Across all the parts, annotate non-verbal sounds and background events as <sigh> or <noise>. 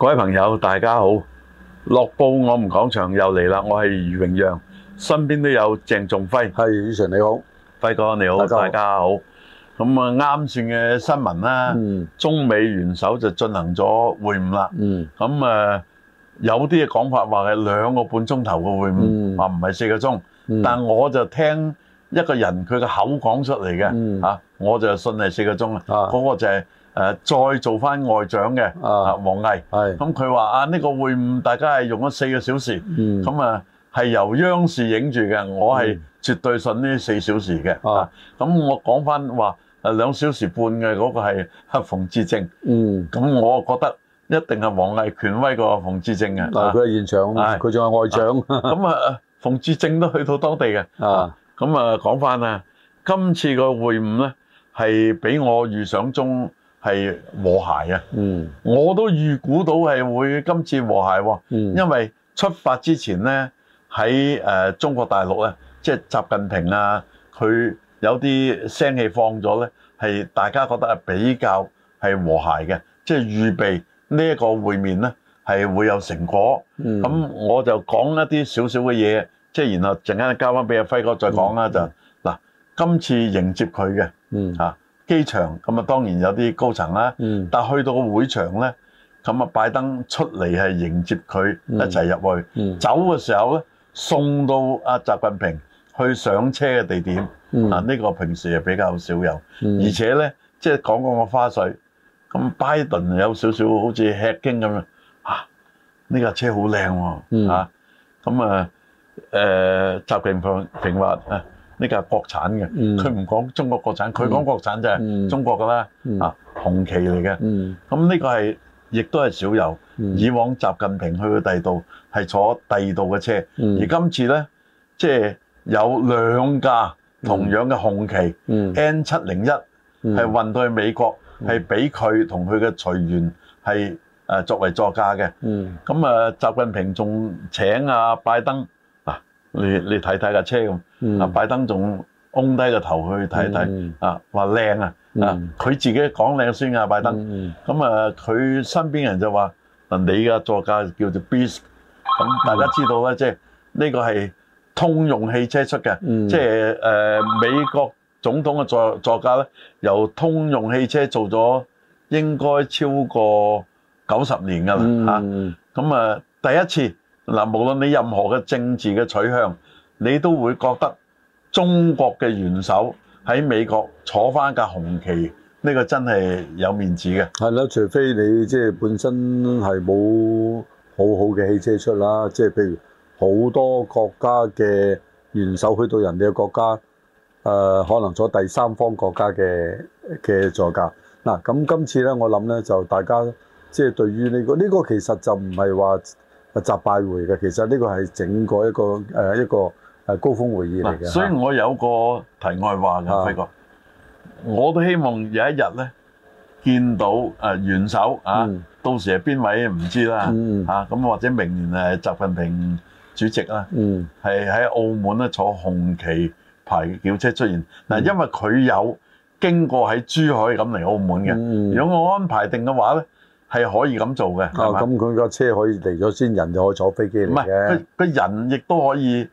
各位朋友，大家好！樂報我們講場又嚟啦，我係余榮讓，身邊都有鄭仲輝，係以晨你好，輝哥你好，大家好。咁啊，啱先嘅新聞啦、嗯，中美元首就進行咗會晤啦。咁、嗯、啊，有啲嘅講法話係兩個半鐘頭嘅會晤，話唔係四個鐘、嗯。但我就聽一個人佢嘅口講出嚟嘅，吓、嗯啊、我就信係四個鐘啊。嗰、那個就係、是。誒再做翻外長嘅啊，王毅，係咁佢話啊，呢個會晤大家係用咗四個小時，咁啊係由央視影住嘅，我係絕對信呢四小時嘅啊。咁我講翻話誒兩小時半嘅嗰個係啊，馮志正，嗯，咁我覺得一定係王毅權威過馮志正嘅，但係佢喺現場啊，佢仲係外長，咁啊馮志正都去到當地嘅啊。咁啊講翻啊，今次個會晤咧係比我預想中，係和諧嘅，嗯，我都預估到係會今次和諧喎，因為出發之前呢，喺誒中國大陸咧，即係習近平啊，佢有啲聲氣放咗呢，係大家覺得係比較係和諧嘅，即係預備呢一個會面呢，係會有成果。嗯，咁我就講一啲少少嘅嘢，即係然後陣間交翻俾阿輝哥再講啦，就嗱、嗯、今次迎接佢嘅，嗯啊。機場咁啊，當然有啲高層啦。但係去到個會場咧，咁啊，拜登出嚟係迎接佢一齊入去。走嘅時候咧，送到阿習近平去上車嘅地點。嗱，呢個平時係比較少有，而且咧，即係講講個花絮。咁拜登有少少好似吃驚咁樣，啊，呢架車好靚喎，啊，咁啊，誒，習近平平話啊。呢個係國產嘅，佢唔講中國國產，佢講國產就係中國㗎啦。啊，紅旗嚟嘅，咁呢個係亦都係少有。以往習近平去第度係坐第二度嘅車，而今次呢，即係有兩架同樣嘅紅旗 N 七零一係運到去美國，係俾佢同佢嘅隨員係誒作為座駕嘅。咁啊，習近平仲請阿拜登。你你睇睇架車咁、嗯嗯，啊拜登仲凹低個頭去睇睇，啊話靚啊，啊佢自己講靚先啊拜登，咁、嗯嗯、啊佢身邊人就話、啊，你嘅座駕叫做 Beast，咁、嗯嗯、大家知道咧，即係呢個係通用汽車出嘅，即係誒美國總統嘅座座駕咧，由通用汽車做咗應該超過九十年噶啦嚇，咁、嗯、啊，啊第一次。嗱，無論你任何嘅政治嘅取向，你都會覺得中國嘅元首喺美國坐翻架紅旗，呢個真係有面子嘅。係啦，除非你即係本身係冇好好嘅汽車出啦，即係譬如好多國家嘅元首去到人哋嘅國家，誒、呃、可能坐第三方國家嘅嘅座駕，嗱，咁今次咧，我諗咧就大家即係對於呢個呢個其實就唔係話。啊，習拜會嚟嘅，其實呢個係整個一個誒、呃、一個誒高峰會議嚟嘅、啊。所以我有個題外話嘅，輝、啊、哥，我都希望有一日咧見到誒、呃、元首啊、嗯，到時係邊位唔知啦嚇咁或者明年誒習近平主席啦，係、嗯、喺澳門咧坐紅旗牌轎車出現嗱、嗯，因為佢有經過喺珠海咁嚟澳門嘅、嗯。如果我安排定嘅話咧？係可以咁做嘅。啊，咁佢個車可以嚟咗先，人就可以坐飛機嚟嘅。唔係，佢佢人亦都可以，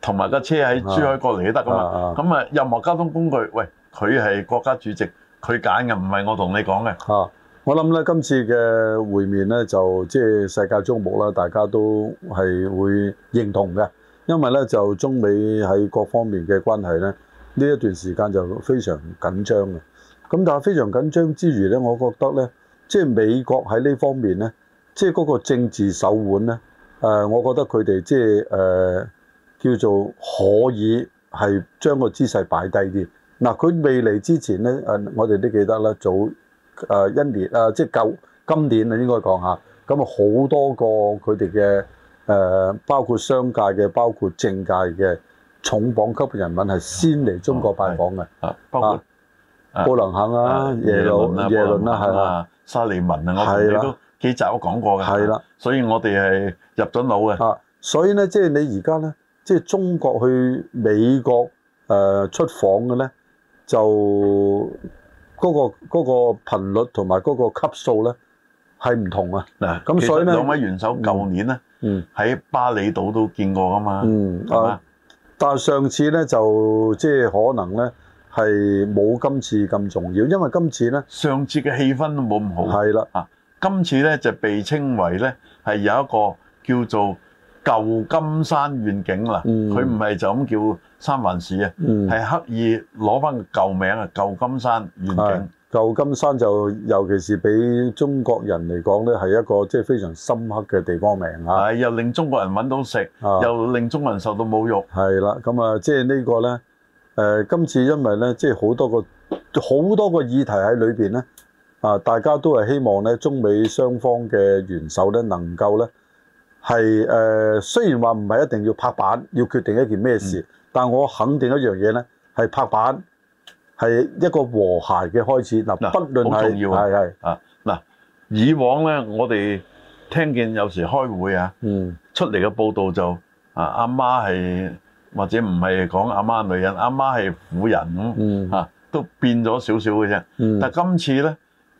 同埋架車喺珠海過嚟都得噶嘛。咁啊，任何交通工具，喂，佢係國家主席，佢揀嘅，唔係我同你講嘅。啊，我諗咧，今次嘅會面咧，就即係世界矚目啦，大家都係會認同嘅，因為咧就中美喺各方面嘅關係咧呢一段時間就非常緊張嘅。咁但係非常緊張之餘咧，我覺得咧。即係美國喺呢方面咧，即係嗰個政治手腕咧，誒，我覺得佢哋即係誒、呃、叫做可以係將個姿勢擺低啲。嗱、啊，佢未嚟之前咧，誒、啊，我哋都記得啦，早誒、啊、一年啊，即係舊今年啊，應該講下。咁啊，好多個佢哋嘅誒，包括商界嘅，包括政界嘅重磅級人物係先嚟中國拜訪嘅、啊啊，包括、啊、布林肯啊，啊，耶魯耶倫啦，係啊。沙利文啊，我同你都幾集都講過嘅，所以我哋係入咗腦嘅。啊，所以咧，即係你而家咧，即係中國去美國誒、呃、出訪嘅咧，就嗰、嗰個嗰、嗰個、頻率同埋嗰個級數咧，係唔同啊。嗱，咁所以兩位元首舊年咧，喺、嗯嗯、巴厘島都見過㗎嘛。嗯啊，但係上次咧就即係可能咧。係冇今次咁重要，因為今次咧上次嘅氣氛都冇咁好。係啦，啊，今次咧就被稱為咧係有一個叫做舊金山願景啦。佢唔係就咁叫三藩市啊，係刻意攞翻個舊名啊，舊金山願景。舊金山就尤其是俾中國人嚟講咧，係一個即係非常深刻嘅地方名啊。係又令中國人揾到食，又令中國人受到侮辱。係啦，咁啊，即係呢個咧。誒、呃，今次因為咧，即係好多個好多個議題喺裏邊咧，啊，大家都係希望咧中美雙方嘅元首咧，能夠咧係誒，雖然話唔係一定要拍板要決定一件咩事，嗯，但我肯定一樣嘢咧係拍板係一個和諧嘅開始。嗱、嗯，不論重要係係係啊，嗱，以往咧我哋聽見有時開會啊，嗯，出嚟嘅報道就啊，阿媽係。或者唔係講阿媽，媽係女人，阿媽係婦人咁嚇，嗯啊，都變咗少少嘅啫，但係今次咧，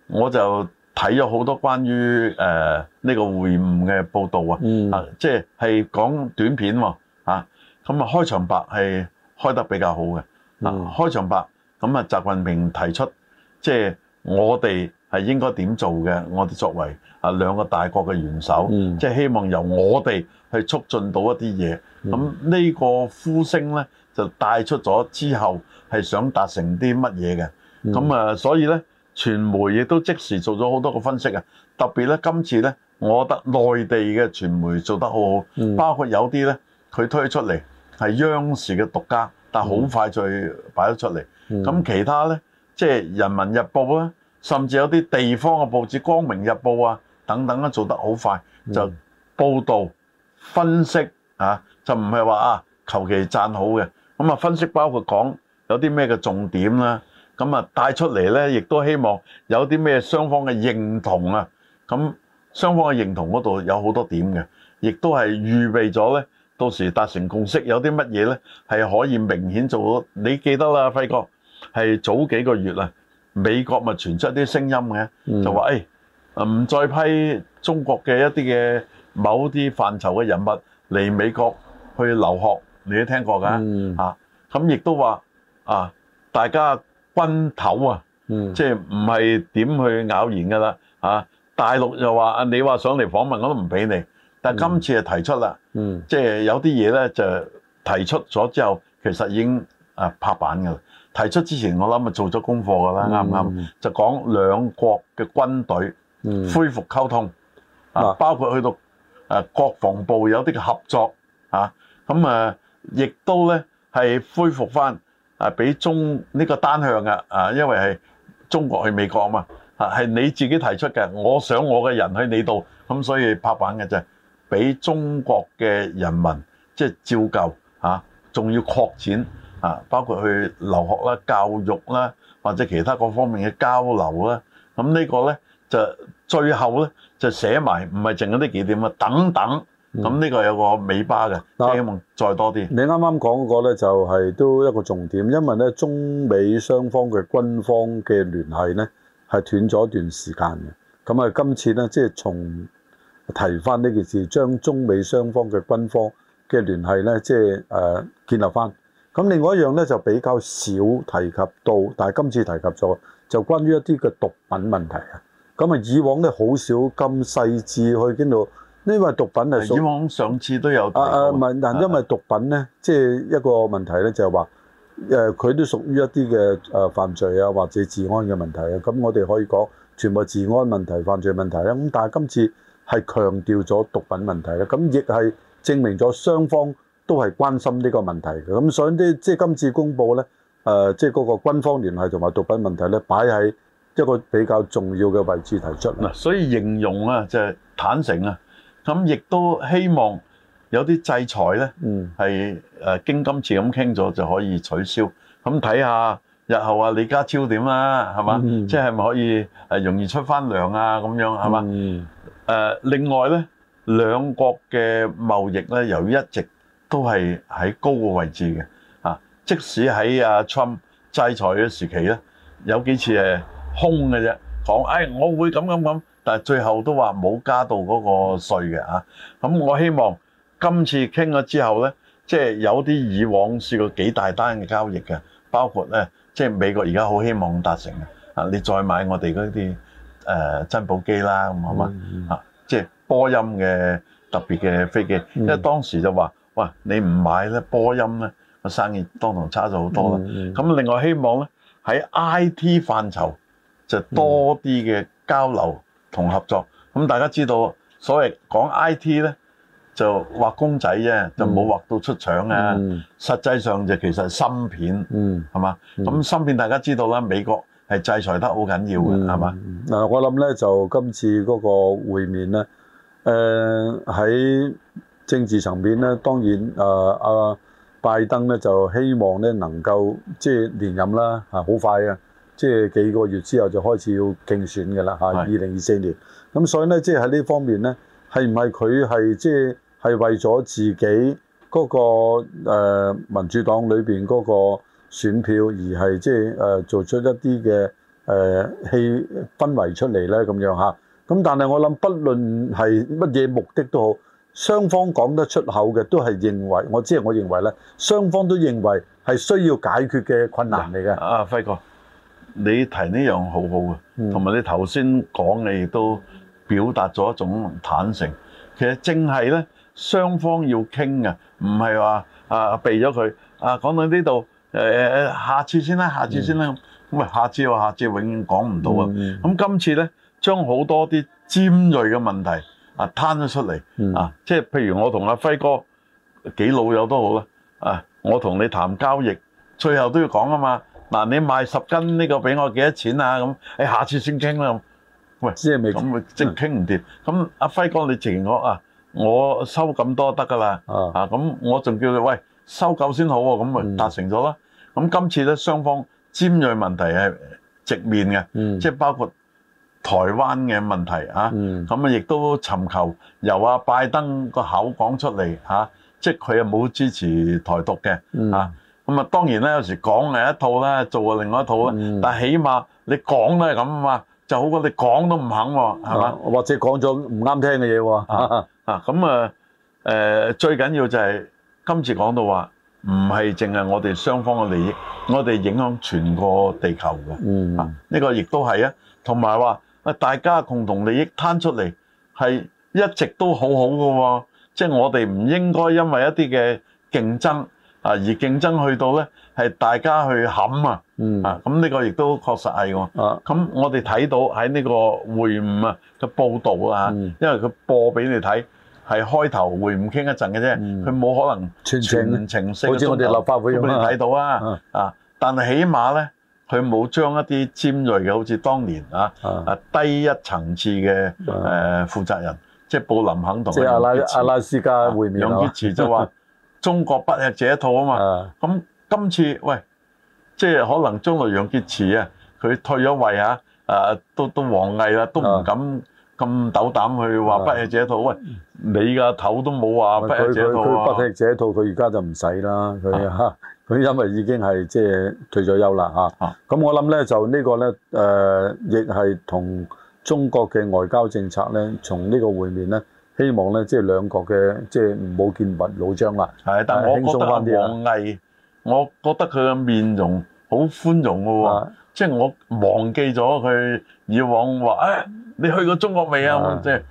我就睇咗好多關於誒呢，呃呢個會晤嘅報導啊，啊，即係講短片喎咁啊，啊，開場白係開得比較好嘅。嗱，啊啊，開場白咁啊，習近平提出，即係我哋。係應該點做嘅？我哋作為啊兩個大國嘅元首，即係希望由我哋去促進到一啲嘢。咁呢個呼聲呢，就帶出咗之後係想達成啲乜嘢嘅。咁啊，所以呢，傳媒亦都即時做咗好多個分析啊。特別呢，今次呢，我覺得內地嘅傳媒做得好好，包括有啲呢，佢推出嚟係央視嘅獨家，但係好快就擺咗出嚟。咁其他呢，即係《人民日報》啊。甚至有啲地方嘅報紙，《光明日報》啊，等等啊，做得好快，就報導分析啊，就唔係話啊求其讚好嘅。咁啊，分析包括講有啲咩嘅重點啦。咁啊，帶出嚟咧，亦都希望有啲咩雙方嘅認同啊。咁雙方嘅認同嗰度有好多點嘅，亦都係預備咗咧。到時達成共識，有啲乜嘢咧係可以明顯做到。你記得啦，輝哥係早幾個月啦。美國咪傳出一啲聲音嘅，就話誒唔再批中國嘅一啲嘅某啲範疇嘅人物嚟美國去留學，你都聽過噶？咁亦都話啊，大家軍頭啊，嗯、即係唔係點去咬言噶啦、啊？大陸又話你話上嚟訪問我都唔俾你，但今次提、嗯、就提出啦，即係有啲嘢咧就提出咗之後，其實已經拍板㗎喇。提出之前，我諗咪做咗功課噶啦，啱唔啱？就講兩國嘅軍隊恢復溝通啊，包括去到啊國防部有啲合作啊，咁啊亦都咧係恢復翻啊，俾中呢個單向啊啊，因為係中國去美國啊嘛啊，係你自己提出嘅，我想我嘅人去你度，咁所以拍板嘅啫，俾中國嘅人民即係照舊啊，仲要擴展。啊！包括去留學啦、教育啦，或者其他各方面嘅交流啦。咁呢個咧就最後咧就寫埋，唔係淨係呢幾點啊，等等。咁呢個有個尾巴嘅、嗯，希望再多啲、啊。你啱啱講嗰個咧就係都一個重點，因為咧中美雙方嘅軍方嘅聯繫咧係斷咗一段時間嘅。咁啊，今次咧即係從提翻呢件事，將中美雙方嘅軍方嘅聯繫咧即係誒建立翻。咁另外一樣咧就比較少提及到，但係今次提及咗，就關於一啲嘅毒品問題啊。咁啊，以往咧好少咁細緻去邊到，因為毒品啊。以往上次都有提過。唔、啊啊、但因為毒品咧，即係一個問題咧，就係話呃、佢都屬於一啲嘅、呃、犯罪啊，或者治安嘅問題啊。咁我哋可以講全部治安問題、犯罪問題。咁但係今次係強調咗毒品問題。咁亦係證明咗雙方，都係關心呢個問題嘅，咁所以啲即係今次公佈咧，誒即係嗰個軍方聯繫同埋毒品問題咧，擺喺一個比較重要嘅位置提出啊。所以形容啊就係坦誠啊，咁亦都希望有啲制裁咧，嗯，係誒經今次咁傾咗就可以取消。咁睇下日後啊，李家超點啊，係嘛？即係咪可以誒容易出翻糧啊？咁樣係嘛？誒另外咧，兩國嘅貿易咧，由於一直都係喺高個位置嘅啊！即使喺阿 Trump 制裁嘅時期咧，有幾次係空嘅啫，講、誒、哎、我會咁咁咁，但係最後都話冇加到嗰個稅嘅啊！咁我希望今次傾咗之後咧，即係有啲以往試過幾大單嘅交易嘅，包括咧即係美國而家好希望達成嘅啊！你再買我哋嗰啲誒珍寶機啦，咁啊嘛啊，即係波音嘅特別嘅飛機，嗯，因為當時就話。你唔買咧，波音咧個生意當堂差咗好多啦。咁、嗯、另外希望咧喺 I T 範疇就多啲嘅交流同合作。咁、嗯、大家知道所謂講 I T 咧就畫公仔啫、嗯，就冇畫到出場啊。嗯、實際上就其實係芯片係嘛？咁、嗯、芯片大家知道啦，美國係制裁得好緊要嘅係嘛？嗱、嗯嗯，我諗咧就今次嗰個會面咧，誒、呃、喺。政治層面咧，當然誒阿、呃啊、拜登咧就希望咧能夠即係連任啦，嚇好快呀，即係幾個月之後就開始要競選嘅啦，嚇二零二四年。咁所以咧，即係喺呢方面咧，係唔係佢係即係係為咗自己嗰、嗰個、呃、民主黨裏邊嗰個選票而係即係誒、呃、做出一啲嘅誒氣氛圍出嚟咧咁樣嚇？咁但係我諗，不論係乜嘢目的都好。雙方講得出口嘅，都係認為，我即係我認為咧，雙方都認為係需要解決嘅困難嚟嘅。啊，輝哥，你提呢樣好好嘅，同、嗯、埋你頭先講嘅亦都表達咗一種坦誠。其實正係咧，雙方要傾嘅，唔係話啊避咗佢啊，講、啊、到呢度誒，下次先啦，下次先啦，咁啊，下次，下次，、嗯、下次我下次永遠講唔到啊。咁、嗯、今次咧，將好多啲尖銳嘅問題。啊，攤咗出嚟啊，即係譬如我同阿輝哥幾老友都好啦，啊我同你談交易，最後都要講啊嘛。嗱，你賣十斤呢個俾我幾多錢啊？咁你下次先傾啦。喂，即係未咁咪即係傾唔掂。咁阿輝哥你情我啊，我收咁多得㗎啦。啊咁我仲叫你喂收夠先好喎。咁咪達成咗啦。咁今次咧，雙方尖鋭問題係直面嘅，即係包括。台灣嘅問題啊，咁啊亦都尋求由阿拜登個口講出嚟嚇，即係佢又冇支持台獨嘅啊，咁啊當然咧有時講係一套啦，做啊另外一套啦，但係起碼你講都係咁啊嘛，就好過你講都唔肯喎，係嘛？或者講咗唔啱聽嘅嘢喎。啊咁啊誒，最緊要就係今次講到話，唔係淨係我哋雙方嘅利益，我哋影響全個地球嘅。嗯，呢個亦都係啊，同埋話。啊！大家共同利益攤出嚟係一直都好好嘅喎，即、就、係、是、我哋唔應該因為一啲嘅競爭啊而競爭去到咧係大家去冚啊，嗯、啊咁呢、嗯、個亦都確實係喎、哦。咁、啊啊嗯、我哋睇到喺呢個會晤啊嘅報導，啊因為佢播俾你睇係開頭會晤傾一陣嘅啫，佢、啊、冇、嗯、可能全程，都看、啊、全程好似我哋立法會咁睇到啊啊！但係起碼咧。佢冇將一啲尖鋭嘅，好似當年啊，啊，啊低一層次嘅誒負責人，即、啊、係、啊、布林肯同阿拉阿拉斯加會面啊，楊潔篪就話中國不吃這一套啊嘛。咁、啊、今、啊、次喂，即係可能中路楊潔篪啊，佢退咗位啊，啊都都王毅啦，都唔敢咁斗膽去話不吃這一套、啊。喂，你個頭都冇話不吃這一套他不，不吃這一套，佢而家就唔使啦，佢嚇。佢因為已經係即係退咗休啦嚇，咁、啊、我諗咧就這個呢個咧誒，亦係同中國嘅外交政策咧，從呢個會面咧，希望咧即係兩國嘅即係唔好劍拔弩張啦。係，但係我，我覺得王毅，我覺得佢嘅面容好寬容嘅喎，即、啊、係、就是、我忘記咗佢以往話誒、啊，你去過中國未啊？即係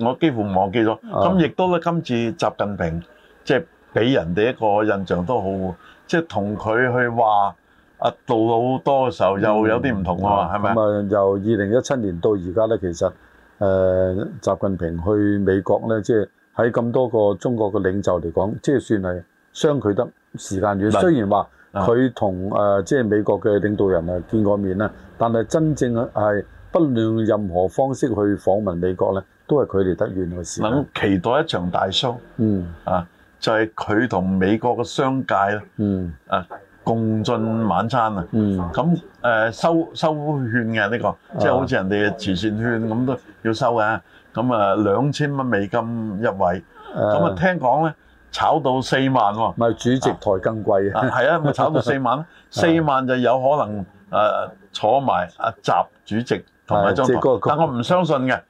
我幾乎忘記咗。咁、啊、亦都咧，今次習近平即係俾人哋一個印象都好。即係同佢去話阿杜好多嘅時候，又有啲唔同喎，係咪、嗯？咁啊、嗯嗯，由二零一七年到而家咧，其實誒、呃、習近平去美國咧，即係喺咁多個中國嘅領袖嚟講，即係算係相距得時間遠。嗯、雖然話佢同誒即係美國嘅領導人啊見過面啦，但係真正係不論任何方式去訪問美國咧，都係佢離得遠嘅事。咁期待一場大騷，嗯啊。嗯嗯就係佢同美國嘅商界咧，啊共進晚餐啊，咁誒收收券嘅呢個，即係好似人哋嘅慈善券咁都要收嘅，咁啊兩千蚊美金一位，咁啊聽講咧炒到四萬喎，咪主席台更貴啊，係啊，咪炒到四萬啦，四萬就有可能誒坐埋阿習主席同埋張，但係我唔相信嘅。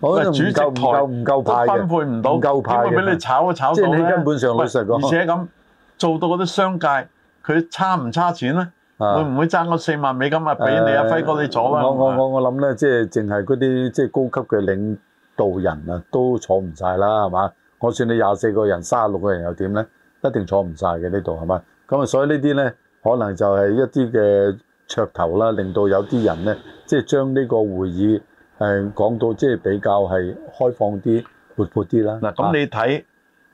我、嗯、哋主席唔夠唔夠派分配唔到唔夠派嘅，點會俾你炒啊炒到咧？即係、你根本上老實講而且咁 <laughs> 做到嗰啲商界，佢差唔差錢咧？會唔會爭嗰四萬美金啊，俾你啊，輝哥你坐啦！我我我我諗咧，即係淨係嗰啲即係高級嘅領導人啊，都坐唔晒啦，係嘛？我算你廿四個人，卅六個人又點咧？一定坐唔晒嘅呢度係嘛？咁啊，所以這些呢啲咧，可能就係一啲嘅噱頭啦，令到有啲人咧，即、就、係、係、將呢個會議。誒講到即係比較係開放啲、活潑啲啦。嗱，咁你睇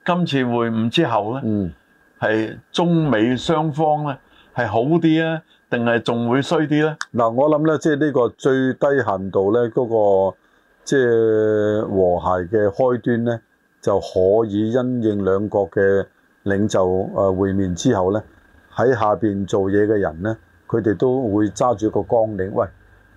今次會晤之後咧，嗯，係中美雙方咧係好啲吖，定係仲會衰啲咧？嗱，我諗咧，即係呢個最低限度咧，嗰個即係和諧嘅開端咧，就可以因應兩國嘅領袖誒會面之後咧，喺下邊做嘢嘅人咧，佢哋都會揸住一個綱領，喂！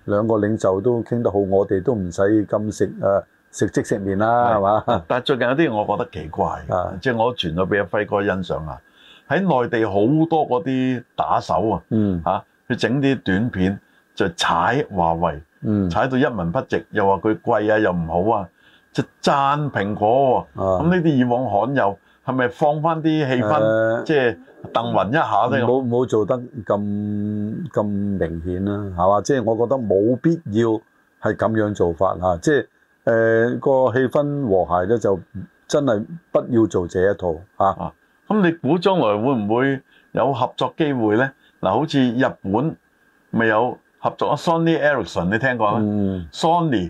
兩個領袖都傾得好，我哋都唔使咁食啊，食即食麵啦，係嘛、啊？但係最近有啲我覺得奇怪啊，即係我傳咗俾阿輝哥欣賞啊，喺內地好多嗰啲打手啊，嚇、嗯啊，去整啲短片就踩華為，嗯、踩到一文不值，又話佢貴啊，又唔好啊，就讚蘋果喎、啊，咁呢啲以往罕有。係咪放翻啲氣氛，即係鄧雲一下咧？冇冇做得咁咁明顯啦，係嘛？即係我覺得冇必要係咁樣做法嚇。即係誒個氣氛和諧咧，就真係不要做這一套嚇。咁你估將來會唔會有合作機會咧？嗱，好似日本咪有合作阿 Sony Ericsson，你聽過咩？Sony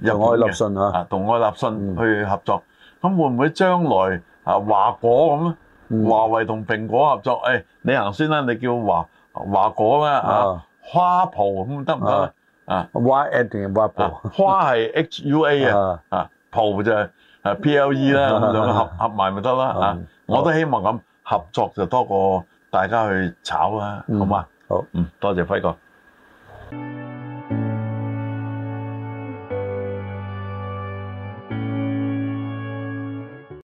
日本嘅同愛立信嚇，同愛立信去合作，咁會唔會將來？啊華果咁，華為同蘋果合作，誒、嗯哎、你行先啦，你叫華華果啦嚇、啊啊，花蒲咁得唔得啊？華 A 定華蒲？花係 HUA 啊，啊，啊蒲就係、是、啊 PLE 啦，兩個合、嗯、合埋咪得啦嚇。我都希望咁合作就多過大家去炒啦，好嘛、嗯？好嗯，多謝輝哥。